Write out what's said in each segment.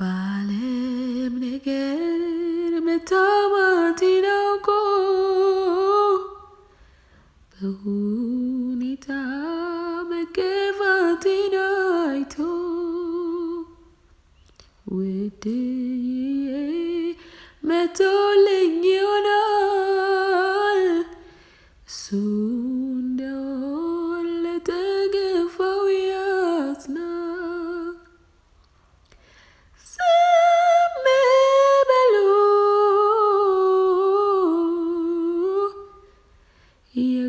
Valem neger metamati nauko Behunita mekevati naito Wedding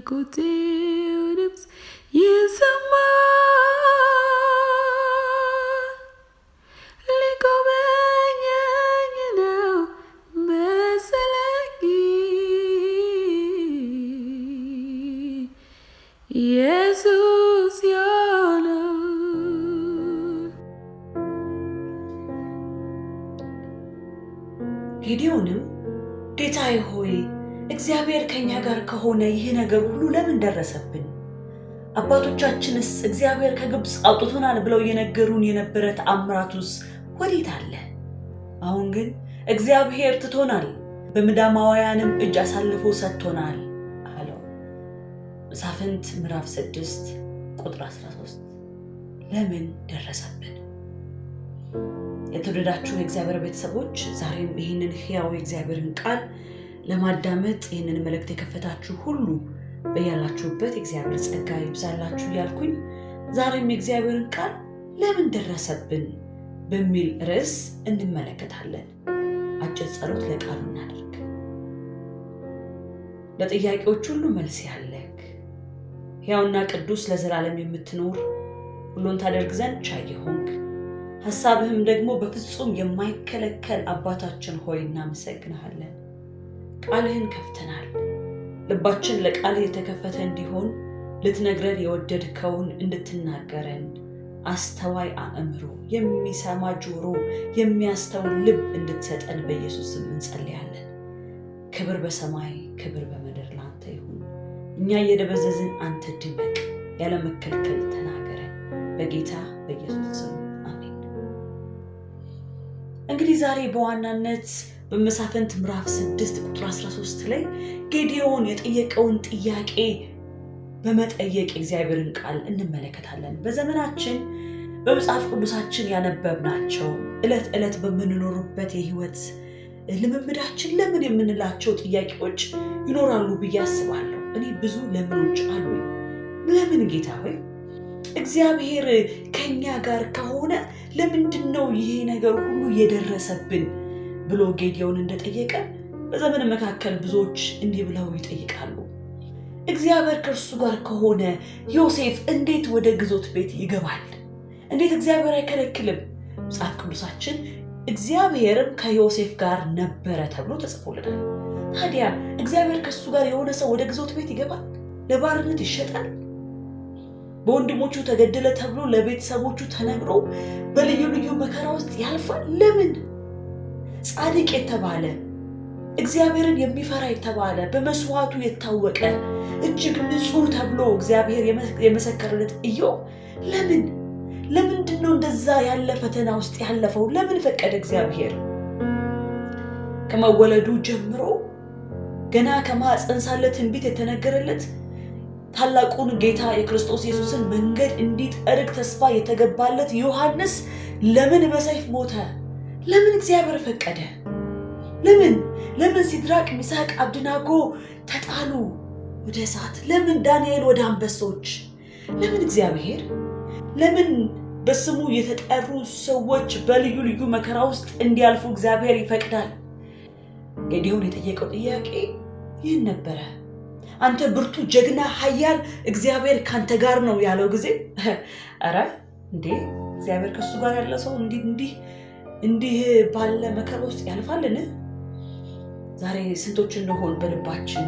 côté. የሆነ ይህ ነገር ሁሉ ለምን ደረሰብን? አባቶቻችንስ እግዚአብሔር ከግብፅ አውጥቶናል ብለው የነገሩን የነበረ ተአምራቱስ ወዴት አለ? አሁን ግን እግዚአብሔር ትቶናል፣ በምዳማውያንም እጅ አሳልፎ ሰጥቶናል አለው። መሳፍንት ምዕራፍ 6 ቁጥር 13። ለምን ደረሰብን? የተወደዳችሁ የእግዚአብሔር ቤተሰቦች ዛሬም ይህንን ሕያው የእግዚአብሔርን ቃል ለማዳመጥ ይህንን መልእክት የከፈታችሁ ሁሉ በያላችሁበት እግዚአብሔር ጸጋ ይብዛላችሁ እያልኩኝ ዛሬም የእግዚአብሔርን ቃል ለምን ደረሰብን በሚል ርዕስ እንመለከታለን። አጭር ጸሎት ለቃሉ እናደርግ። ለጥያቄዎች ሁሉ መልስ ያለህ ሕያውና ቅዱስ ለዘላለም የምትኖር ሁሉን ታደርግ ዘንድ ቻይ የሆንክ ሐሳብህም ደግሞ በፍጹም የማይከለከል አባታችን ሆይ እናመሰግንሃለን። ቃልህን ከፍተናል። ልባችን ለቃልህ የተከፈተ እንዲሆን ልትነግረን የወደድከውን እንድትናገረን አስተዋይ አእምሮ፣ የሚሰማ ጆሮ፣ የሚያስተውል ልብ እንድትሰጠን በኢየሱስ ስም እንጸልያለን። ክብር በሰማይ ክብር በምድር ላንተ ይሁን። እኛ እየደበዘዝን አንተ ድመቅ፣ ያለ መከልከል ተናገረን በጌታ በኢየሱስ ስም አሜን። እንግዲህ ዛሬ በዋናነት በመሳፍንት ምዕራፍ 6 ቁጥር 13 ላይ ጌዲዮን የጠየቀውን ጥያቄ በመጠየቅ የእግዚአብሔርን ቃል እንመለከታለን። በዘመናችን በመጽሐፍ ቅዱሳችን ያነበብናቸው ዕለት ዕለት በምንኖሩበት የህይወት ልምምዳችን ለምን የምንላቸው ጥያቄዎች ይኖራሉ ብዬ አስባለሁ። እኔ ብዙ ለምኖች አሉ። ለምን ጌታ ሆይ እግዚአብሔር ከኛ ጋር ከሆነ ለምንድን ነው ይሄ ነገር ሁሉ የደረሰብን ብሎ ጌዲዮን እንደጠየቀ በዘመን መካከል ብዙዎች እንዲህ ብለው ይጠይቃሉ። እግዚአብሔር ከእርሱ ጋር ከሆነ ዮሴፍ እንዴት ወደ ግዞት ቤት ይገባል? እንዴት እግዚአብሔር አይከለክልም? መጽሐፍ ቅዱሳችን እግዚአብሔርም ከዮሴፍ ጋር ነበረ ተብሎ ተጽፎልናል። ታዲያ እግዚአብሔር ከእሱ ጋር የሆነ ሰው ወደ ግዞት ቤት ይገባል? ለባርነት ይሸጣል? በወንድሞቹ ተገደለ ተብሎ ለቤተሰቦቹ ተነግሮ በልዩ ልዩ መከራ ውስጥ ያልፋል? ለምን? ጻድቅ የተባለ እግዚአብሔርን የሚፈራ የተባለ በመስዋዕቱ የታወቀ እጅግ ንጹሕ ተብሎ እግዚአብሔር የመሰከረለት ኢዮብ ለምን ለምንድን ነው እንደዛ ያለ ፈተና ውስጥ ያለፈው? ለምን ፈቀደ እግዚአብሔር? ከመወለዱ ጀምሮ ገና ከማኅፀን ሳለ ትንቢት የተነገረለት ታላቁን ጌታ የክርስቶስ ኢየሱስን መንገድ እንዲጠርግ ተስፋ የተገባለት ዮሐንስ ለምን በሰይፍ ሞተ? ለምን እግዚአብሔር ፈቀደ? ለምን ለምን ሲድራቅ ሚሳቅ አብድናጎ ተጣሉ ወደ እሳት? ለምን ዳንኤል ወደ አንበሶች? ለምን እግዚአብሔር ለምን በስሙ የተጠሩ ሰዎች በልዩ ልዩ መከራ ውስጥ እንዲያልፉ እግዚአብሔር ይፈቅዳል? ጌዲዮን የጠየቀው ጥያቄ ይህን ነበረ። አንተ ብርቱ ጀግና ኃያል እግዚአብሔር ካንተ ጋር ነው ያለው ጊዜ፣ ኧረ እንዴ እግዚአብሔር ከሱ ጋር ያለ ሰው እንዲህ እንዲህ እንዲህ ባለ መከራ ውስጥ ያልፋልን? ዛሬ ስንቶች እንደሆን በልባችን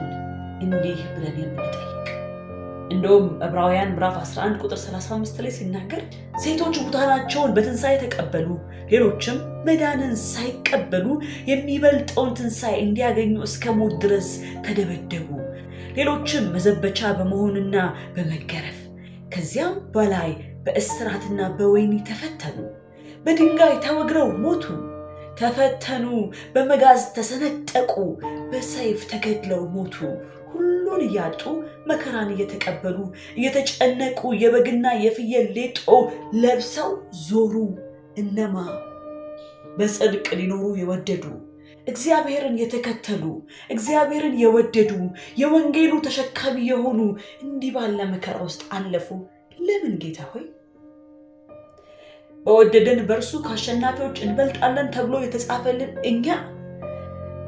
እንዲህ ብለን የምንጠይቅ። እንደውም ዕብራውያን ምዕራፍ 11 ቁጥር 35 ላይ ሲናገር ሴቶች ሙታናቸውን በትንሣኤ የተቀበሉ ሌሎችም መዳንን ሳይቀበሉ የሚበልጠውን ትንሣኤ እንዲያገኙ እስከ ሞት ድረስ ተደበደቡ። ሌሎችም መዘበቻ በመሆንና በመገረፍ ከዚያም በላይ በእስራትና በወይኒ ተፈተኑ። በድንጋይ ተወግረው ሞቱ፣ ተፈተኑ፣ በመጋዝ ተሰነጠቁ፣ በሰይፍ ተገድለው ሞቱ። ሁሉን እያጡ መከራን እየተቀበሉ እየተጨነቁ የበግና የፍየል ሌጦ ለብሰው ዞሩ። እነማ በጽድቅ ሊኖሩ የወደዱ እግዚአብሔርን የተከተሉ እግዚአብሔርን የወደዱ የወንጌሉ ተሸካሚ የሆኑ እንዲህ ባለ መከራ ውስጥ አለፉ። ለምን ጌታ ሆይ በወደደን በእርሱ ከአሸናፊዎች እንበልጣለን ተብሎ የተጻፈልን እኛ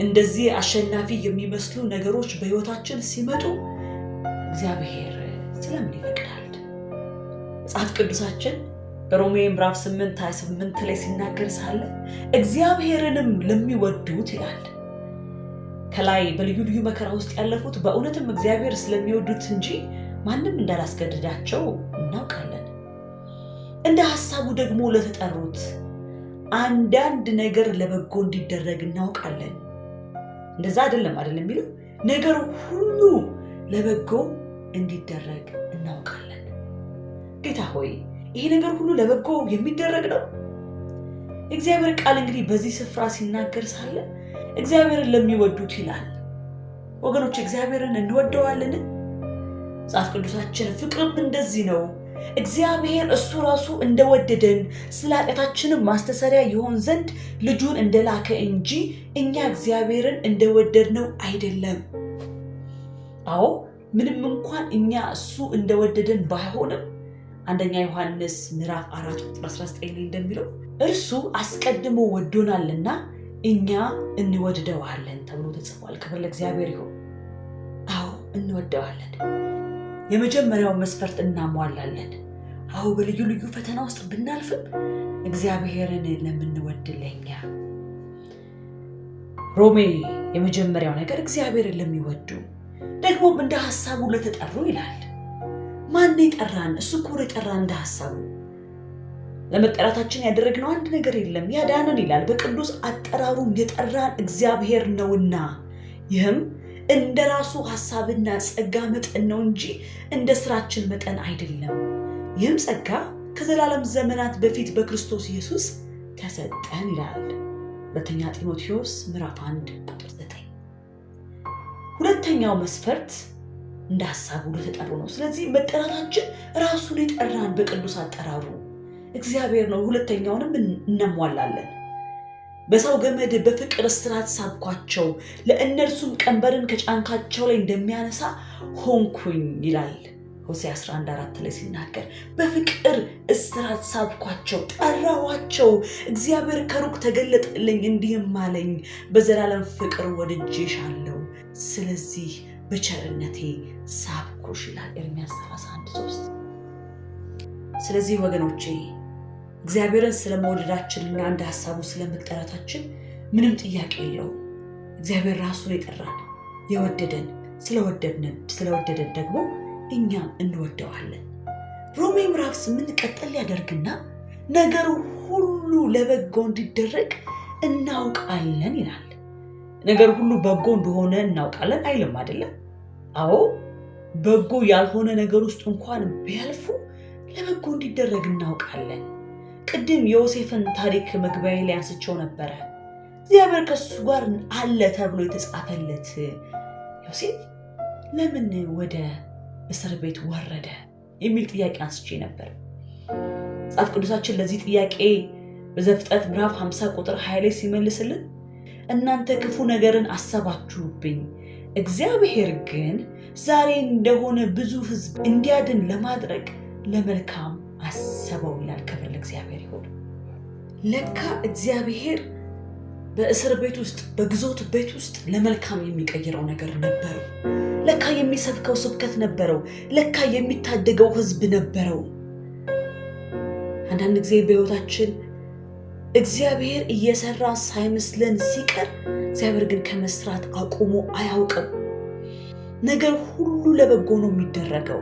እንደዚህ አሸናፊ የሚመስሉ ነገሮች በሕይወታችን ሲመጡ እግዚአብሔር ስለምን ይፈቅዳል? መጽሐፍ ቅዱሳችን በሮሜ ምዕራፍ 8 28 ላይ ሲናገር ሳለ እግዚአብሔርንም ለሚወዱት ይላል። ከላይ በልዩ ልዩ መከራ ውስጥ ያለፉት በእውነትም እግዚአብሔር ስለሚወዱት እንጂ ማንም እንዳላስገድዳቸው እናውቃለን። እንደ ሀሳቡ ደግሞ ለተጠሩት አንዳንድ ነገር ለበጎ እንዲደረግ እናውቃለን። እንደዛ አይደለም አይደለም የሚለው ነገር ሁሉ ለበጎ እንዲደረግ እናውቃለን። ጌታ ሆይ ይሄ ነገር ሁሉ ለበጎ የሚደረግ ነው። እግዚአብሔር ቃል እንግዲህ በዚህ ስፍራ ሲናገር ሳለ እግዚአብሔርን ለሚወዱት ይላል። ወገኖች እግዚአብሔርን እንወደዋለን። መጽሐፍ ቅዱሳችን ፍቅርም እንደዚህ ነው እግዚአብሔር እሱ ራሱ እንደወደደን ስለ ኃጢአታችንም ማስተሰሪያ ይሆን ዘንድ ልጁን እንደላከ እንጂ እኛ እግዚአብሔርን እንደወደድነው አይደለም። አዎ ምንም እንኳን እኛ እሱ እንደወደደን ባይሆንም አንደኛ ዮሐንስ ምዕራፍ 4 ቁጥር 19 ላይ እንደሚለው እርሱ አስቀድሞ ወዶናልና እኛ እንወድደዋለን ተብሎ ተጽፏል። ክብር ለእግዚአብሔር ይሁን። አዎ እንወደዋለን። የመጀመሪያውን መስፈርት እናሟላለን። አሁ በልዩ ልዩ ፈተና ውስጥ ብናልፍም እግዚአብሔርን ለምንወድ ለኛ ሮሜ የመጀመሪያው ነገር እግዚአብሔርን ለሚወዱ ደግሞም እንደ ሀሳቡ ለተጠሩ ይላል። ማን የጠራን? እሱ እኮ የጠራን እንደ ሀሳቡ። ለመጠራታችን ያደረግነው አንድ ነገር የለም፣ ያዳንን ይላል። በቅዱስ አጠራሩም የጠራን እግዚአብሔር ነውና ይህም እንደ ራሱ ሀሳብና ጸጋ መጠን ነው እንጂ እንደ ስራችን መጠን አይደለም። ይህም ጸጋ ከዘላለም ዘመናት በፊት በክርስቶስ ኢየሱስ ተሰጠን ይላል ሁለተኛ ጢሞቴዎስ ምዕራፍ 1 ቁጥር 9። ሁለተኛው መስፈርት እንደ ሀሳቡ ለተጠሩ ነው። ስለዚህ መጠራታችን ራሱን የጠራን በቅዱስ አጠራሩ እግዚአብሔር ነው። ሁለተኛውንም እናሟላለን። በሰው ገመድ በፍቅር እስራት ሳብኳቸው፣ ለእነርሱም ቀንበርን ከጫንካቸው ላይ እንደሚያነሳ ሆንኩኝ ይላል ሆሴዕ 11 አራት ላይ ሲናገር በፍቅር እስራት ሳብኳቸው፣ ጠራኋቸው። እግዚአብሔር ከሩቅ ተገለጠልኝ፣ እንዲህም አለኝ በዘላለም ፍቅር ወድጄሻለሁ፣ ስለዚህ በቸርነቴ ሳብኩሽ ይላል ኤርምያስ 31 3 ስለዚህ ወገኖቼ እግዚአብሔርን እና እንደ ሀሳቡ ስለመጠራታችን ምንም ጥያቄ የለውም። እግዚአብሔር ራሱ የጠራን የወደደን ስለወደድነን ስለወደደን ደግሞ እኛም እንወደዋለን። ሮሜ ምዕራፍ ስምንት ቀጠል ያደርግና ነገሩ ሁሉ ለበጎ እንዲደረግ እናውቃለን ይላል። ነገር ሁሉ በጎ እንደሆነ እናውቃለን አይልም አይደለም? አዎ በጎ ያልሆነ ነገር ውስጥ እንኳን ቢያልፉ ለበጎ እንዲደረግ እናውቃለን። ቅድም የዮሴፍን ታሪክ መግቢያ ላይ አንስቸው ነበረ። እግዚአብሔር ከሱ ጋር አለ ተብሎ የተጻፈለት ዮሴፍ ለምን ወደ እስር ቤት ወረደ የሚል ጥያቄ አንስቼ ነበር። መጽሐፍ ቅዱሳችን ለዚህ ጥያቄ በዘፍጥረት ምዕራፍ 50 ቁጥር 20 ላይ ሲመልስልን እናንተ ክፉ ነገርን አሰባችሁብኝ፣ እግዚአብሔር ግን ዛሬ እንደሆነ ብዙ ሕዝብ እንዲያድን ለማድረግ ለመልካም አሰበው ይላል። ለእግዚአብሔር ይሁን። ለካ እግዚአብሔር በእስር ቤት ውስጥ በግዞት ቤት ውስጥ ለመልካም የሚቀይረው ነገር ነበረው። ለካ የሚሰብከው ስብከት ነበረው። ለካ የሚታደገው ሕዝብ ነበረው። አንዳንድ ጊዜ በሕይወታችን እግዚአብሔር እየሰራ ሳይመስለን ሲቀር፣ እግዚአብሔር ግን ከመስራት አቁሞ አያውቅም። ነገር ሁሉ ለበጎ ነው የሚደረገው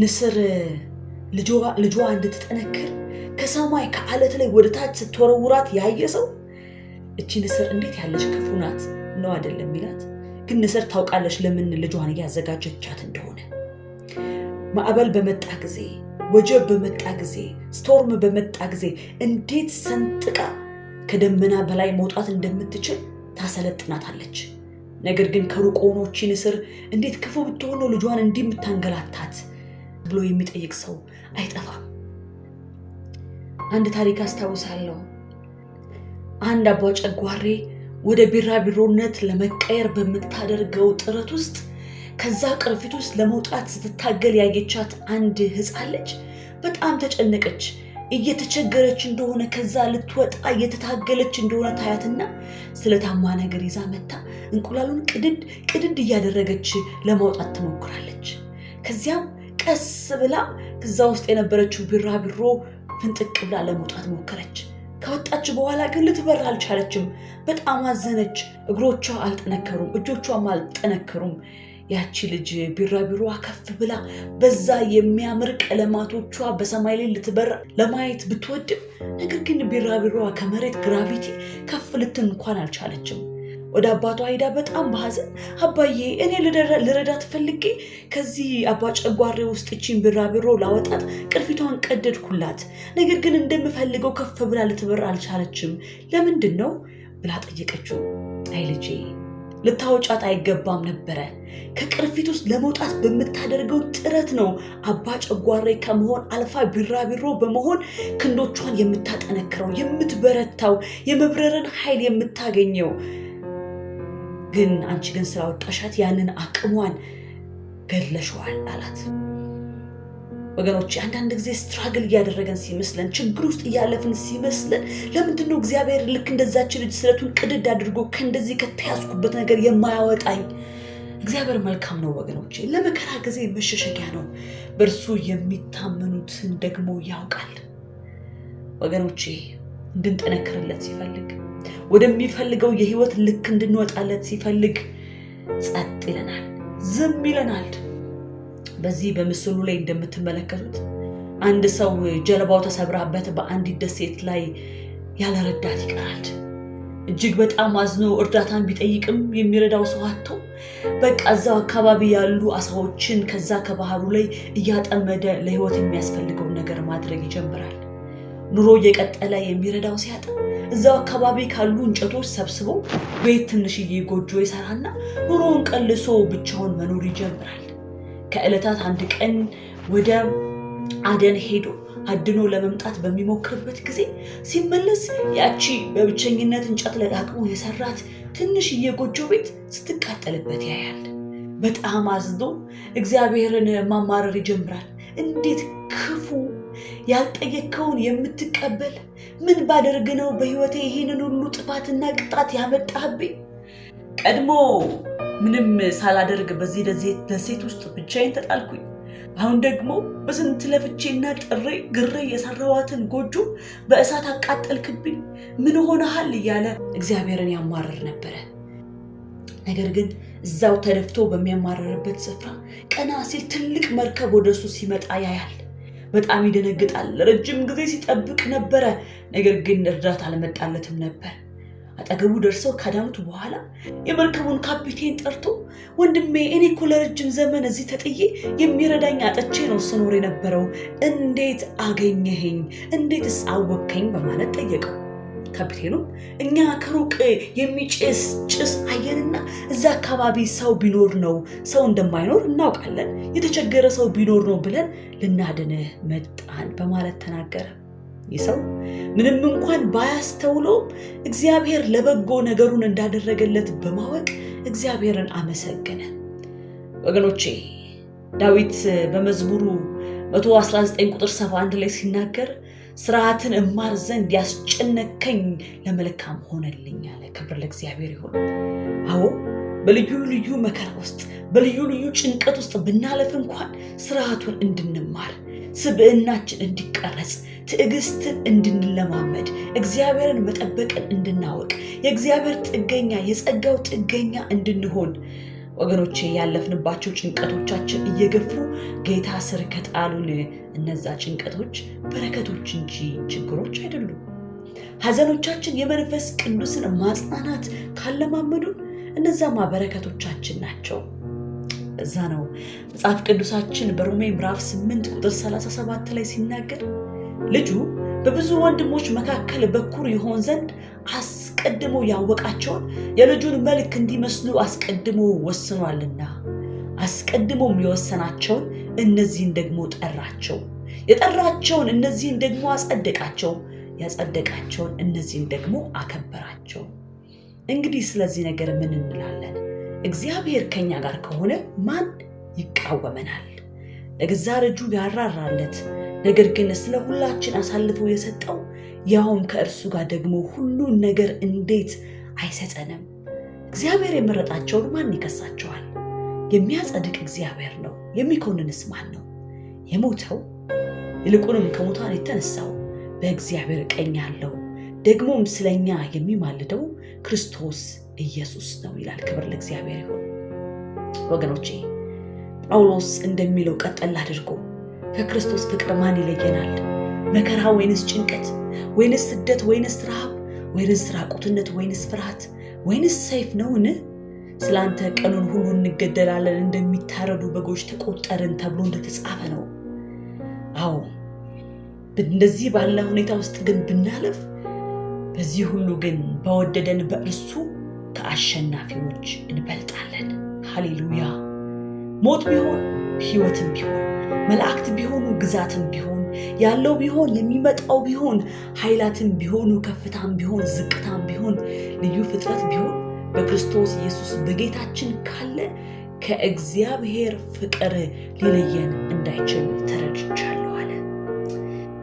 ንስር ልጇ እንድትጠነክር ከሰማይ ከዓለት ላይ ወደ ታች ስትወረውራት ያየ ሰው እቺ ንስር እንዴት ያለች ክፉ ናት ነው አይደለም ሚላት። ግን ንስር ታውቃለች ለምን ልጇን እያዘጋጀቻት እንደሆነ። ማዕበል በመጣ ጊዜ፣ ወጀብ በመጣ ጊዜ፣ ስቶርም በመጣ ጊዜ እንዴት ሰንጥቃ ከደመና በላይ መውጣት እንደምትችል ታሰለጥናታለች። ነገር ግን ከሩቅ ሆኖ እቺ ንስር እንዴት ክፉ ብትሆን ልጇን እንዲህ የምታንገላታት ብሎ የሚጠይቅ ሰው አይጠፋም። አንድ ታሪክ አስታውሳለሁ። አንድ አቧ ጨጓሬ ወደ ቢራቢሮነት ለመቀየር በምታደርገው ጥረት ውስጥ ከዛ ቅርፊት ውስጥ ለመውጣት ስትታገል ያየቻት አንድ ሕፃን ልጅ በጣም ተጨነቀች። እየተቸገረች እንደሆነ ከዛ ልትወጣ እየተታገለች እንደሆነ ታያትና ስለታማ ነገር ይዛ መታ እንቁላሉን ቅድድ ቅድድ እያደረገች ለማውጣት ትሞክራለች። ከዚያም ቀስ ብላ እዛ ውስጥ የነበረችው ቢራቢሮ ፍንጥቅ ብላ ለመውጣት ሞከረች። ከወጣች በኋላ ግን ልትበር አልቻለችም። በጣም አዘነች። እግሮቿ አልጠነከሩም፣ እጆቿም አልጠነከሩም። ያቺ ልጅ ቢራቢሮዋ ከፍ ብላ በዛ የሚያምር ቀለማቶቿ በሰማይ ላይ ልትበር ለማየት ብትወድም ነገር ግን ቢራቢሮዋ ከመሬት ግራቪቲ ከፍ ልትን እንኳን አልቻለችም። ወደ አባቷ ሄዳ በጣም በሐዘን አባዬ፣ እኔ ልረዳት ፈልጌ ከዚህ አባ ጨጓሬ ውስጥ እቺን ቢራቢሮ ላወጣት ቅርፊቷን ቀደድኩላት። ነገር ግን እንደምፈልገው ከፍ ብላ ልትበር አልቻለችም። ለምንድን ነው ብላ ጠየቀችው። አይ ልጄ ልታወጫት አይገባም ነበረ። ከቅርፊት ውስጥ ለመውጣት በምታደርገው ጥረት ነው አባ ጨጓሬ ከመሆን አልፋ ቢራቢሮ በመሆን ክንዶቿን የምታጠነክረው፣ የምትበረታው፣ የመብረርን ኃይል የምታገኘው ግን አንቺ ግን ስላወጣሻት ያንን አቅሟን ገለሸዋል አላት። ወገኖች አንዳንድ ጊዜ ስትራግል እያደረገን ሲመስለን ችግር ውስጥ እያለፍን ሲመስለን ለምንድን ነው እግዚአብሔር ልክ እንደዛች ልጅ ስለቱን ቅድድ አድርጎ ከእንደዚህ ከተያዝኩበት ነገር የማያወጣኝ? እግዚአብሔር መልካም ነው ወገኖች ለመከራ ጊዜ መሸሸጊያ ነው። በእርሱ የሚታመኑትን ደግሞ ያውቃል። ወገኖቼ እንድንጠነክርለት ሲፈልግ ወደሚፈልገው የህይወት ልክ እንድንወጣለት ሲፈልግ ጸጥ ይለናል፣ ዝም ይለናል። በዚህ በምስሉ ላይ እንደምትመለከቱት አንድ ሰው ጀልባው ተሰብራበት በአንዲት ደሴት ላይ ያለ ረዳት ይቀራል። እጅግ በጣም አዝኖ እርዳታን ቢጠይቅም የሚረዳው ሰው አጥቶ በቃ እዛው አካባቢ ያሉ አሳዎችን ከዛ ከባህሩ ላይ እያጠመደ ለህይወት የሚያስፈልገውን ነገር ማድረግ ይጀምራል። ኑሮ እየቀጠለ የሚረዳው ሲያጣ እዛው አካባቢ ካሉ እንጨቶች ሰብስቦ ቤት ትንሽዬ ጎጆ ይሰራና ኑሮውን ቀልሶ ብቻውን መኖር ይጀምራል። ከዕለታት አንድ ቀን ወደ አደን ሄዶ አድኖ ለመምጣት በሚሞክርበት ጊዜ ሲመለስ ያቺ በብቸኝነት እንጨት ለቃቅሞ የሰራት ትንሽዬ ጎጆ ቤት ስትቃጠልበት ያያል። በጣም አዝኖ እግዚአብሔርን ማማረር ይጀምራል። እንዴት ክፉ ያልጠየቅከውን የምትቀበል ምን ባደርግ ነው በሕይወቴ ይህንን ሁሉ ጥፋትና ቅጣት ያመጣህብኝ? ቀድሞ ምንም ሳላደርግ በዚህ ደሴት ውስጥ ብቻዬን ተጣልኩኝ። አሁን ደግሞ በስንት ለፍቼና ጥሬ ግሬ የሰራዋትን ጎጆ በእሳት አቃጠልክብኝ። ምን ሆነሃል? እያለ እግዚአብሔርን ያማርር ነበረ። ነገር ግን እዛው ተደፍቶ በሚያማርርበት ስፍራ ቀና ሲል ትልቅ መርከብ ወደ እሱ ሲመጣ ያያል። በጣም ይደነግጣል። ለረጅም ጊዜ ሲጠብቅ ነበረ፣ ነገር ግን እርዳታ አልመጣለትም ነበር። አጠገቡ ደርሰው ካዳኑት በኋላ የመርከቡን ካፒቴን ጠርቶ ወንድሜ፣ እኔ እኮ ለረጅም ዘመን እዚህ ተጥዬ የሚረዳኝ አጥቼ ነው ስኖር የነበረው። እንዴት አገኘኸኝ? እንዴትስ አወቅከኝ? በማለት ጠየቀው። ካፒቴኑም እኛ ከሩቅ የሚጭስ ጭስ አየንና እዛ አካባቢ ሰው ቢኖር ነው፣ ሰው እንደማይኖር እናውቃለን፣ የተቸገረ ሰው ቢኖር ነው ብለን ልናድንህ መጣን በማለት ተናገረ። ይህ ሰው ምንም እንኳን ባያስተውለውም እግዚአብሔር ለበጎ ነገሩን እንዳደረገለት በማወቅ እግዚአብሔርን አመሰገነ። ወገኖቼ ዳዊት በመዝሙሩ 119 ቁጥር 71 ላይ ሲናገር ስርዓትን እማር ዘንድ ያስጨነከኝ ለመልካም ሆነልኝ አለ። ክብር ለእግዚአብሔር ይሁን። አዎ በልዩ ልዩ መከራ ውስጥ በልዩ ልዩ ጭንቀት ውስጥ ብናለፍ እንኳን ስርዓቱን እንድንማር ስብዕናችን እንዲቀረጽ ትዕግስትን እንድንለማመድ እግዚአብሔርን መጠበቅን እንድናወቅ የእግዚአብሔር ጥገኛ የጸጋው ጥገኛ እንድንሆን ወገኖቼ ያለፍንባቸው ጭንቀቶቻችን እየገፉ ጌታ ስር ከጣሉን እነዛ ጭንቀቶች በረከቶች እንጂ ችግሮች አይደሉም። ሐዘኖቻችን የመንፈስ ቅዱስን ማጽናናት ካለማመዱን እነዛማ በረከቶቻችን ናቸው። እዛ ነው መጽሐፍ ቅዱሳችን በሮሜ ምዕራፍ 8 ቁጥር 37 ላይ ሲናገር ልጁ በብዙ ወንድሞች መካከል በኩር ይሆን ዘንድ አስቀድሞ ያወቃቸውን የልጁን መልክ እንዲመስሉ አስቀድሞ ወስኗልና አስቀድሞም የወሰናቸውን እነዚህን ደግሞ ጠራቸው፣ የጠራቸውን እነዚህን ደግሞ አጸደቃቸው፣ ያጸደቃቸውን እነዚህን ደግሞ አከበራቸው። እንግዲህ ስለዚህ ነገር ምን እንላለን? እግዚአብሔር ከኛ ጋር ከሆነ ማን ይቃወመናል? ለገዛ ልጁ ያራራለት ነገር ግን ስለ ሁላችን አሳልፎ የሰጠው ያውም ከእርሱ ጋር ደግሞ ሁሉን ነገር እንዴት አይሰጠንም? እግዚአብሔር የመረጣቸውን ማን ይከሳቸዋል? የሚያጸድቅ እግዚአብሔር ነው። የሚኮንንስ ማን ነው? የሞተው ይልቁንም ከሙታን የተነሳው በእግዚአብሔር ቀኝ ያለው ደግሞም ስለኛ የሚማልደው ክርስቶስ ኢየሱስ ነው ይላል። ክብር ለእግዚአብሔር ይሁን። ወገኖቼ ጳውሎስ እንደሚለው ቀጠል አድርጎ ከክርስቶስ ፍቅር ማን ይለየናል? መከራ ወይንስ ጭንቀት ወይንስ ስደት ወይንስ ረሃብ ወይንስ ራቁትነት ወይንስ ፍርሃት ወይንስ ሰይፍ ነውን? ስለአንተ ቀኑን ሁሉ እንገደላለን፣ እንደሚታረዱ በጎች ተቆጠርን ተብሎ እንደተጻፈ ነው። አዎ እንደዚህ ባለ ሁኔታ ውስጥ ግን ብናለፍ፣ በዚህ ሁሉ ግን በወደደን በእርሱ ከአሸናፊዎች እንበልጣለን። ሃሌሉያ! ሞት ቢሆን ሕይወትም ቢሆን መላእክት ቢሆኑ ግዛትም ቢሆን ያለው ቢሆን የሚመጣው ቢሆን ኃይላትም ቢሆኑ ከፍታም ቢሆን ዝቅታም ቢሆን ልዩ ፍጥረት ቢሆን በክርስቶስ ኢየሱስ በጌታችን ካለ ከእግዚአብሔር ፍቅር ሊለየን እንዳይችል ተረድቻለሁ አለ።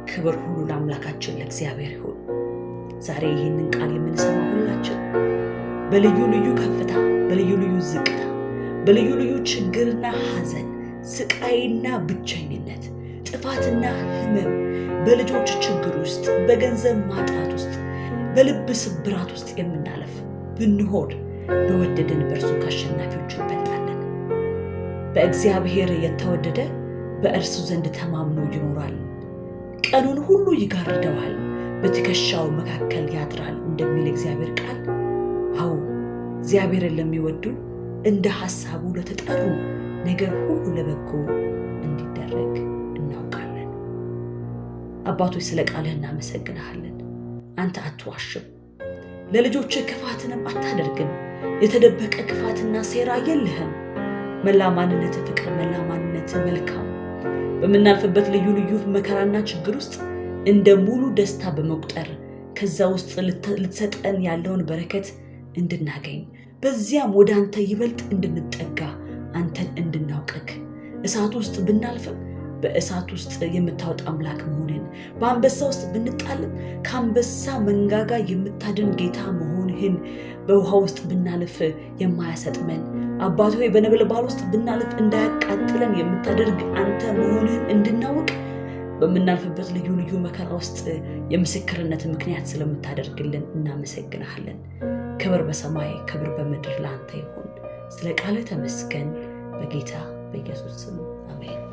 ክብር ሁሉ ለአምላካችን ለእግዚአብሔር ይሁን። ዛሬ ይህንን ቃል የምንሰማ ሁላችን በልዩ ልዩ ከፍታ፣ በልዩ ልዩ ዝቅታ፣ በልዩ ልዩ ችግርና ሐዘን ስቃይና ብቸኝነት፣ ጥፋትና ህመም በልጆች ችግር ውስጥ፣ በገንዘብ ማጣት ውስጥ፣ በልብ ስብራት ውስጥ የምናለፍ ብንሆን በወደደን በእርሱ ከአሸናፊዎች እንበልጣለን። በእግዚአብሔር የተወደደ በእርሱ ዘንድ ተማምኖ ይኖራል። ቀኑን ሁሉ ይጋርደዋል፣ በትከሻው መካከል ያድራል እንደሚል እግዚአብሔር ቃል አዎ እግዚአብሔርን ለሚወዱ እንደ ሐሳቡ ለተጠሩ ነገር ሁሉ ለበጎ እንዲደረግ እናውቃለን። አባቶች ስለ ቃልህ እናመሰግንሃለን። አንተ አትዋሽም፣ ለልጆችህ ክፋትንም አታደርግም። የተደበቀ ክፋትና ሴራ የለህም። መላ ፍቅር፣ መላ መልካም። በምናልፍበት ልዩ ልዩ መከራና ችግር ውስጥ እንደ ሙሉ ደስታ በመቁጠር ከዛ ውስጥ ልትሰጠን ያለውን በረከት እንድናገኝ በዚያም ወደ አንተ ይበልጥ እንድንጠጋ አንተን እሳት ውስጥ ብናልፍም በእሳት ውስጥ የምታወጥ አምላክ መሆንን በአንበሳ ውስጥ ብንጣልም ከአንበሳ መንጋጋ የምታድን ጌታ መሆንህን፣ በውሃ ውስጥ ብናልፍ የማያሰጥመን አባት ሆይ በነበልባል ውስጥ ብናልፍ እንዳያቃጥለን የምታደርግ አንተ መሆንህን እንድናውቅ በምናልፍበት ልዩ ልዩ መከራ ውስጥ የምስክርነት ምክንያት ስለምታደርግልን እናመሰግናለን። ክብር በሰማይ ክብር በምድር ለአንተ ይሁን። ስለ ቃልህ ተመስገን በጌታ በኢየሱስ ስም አሜን።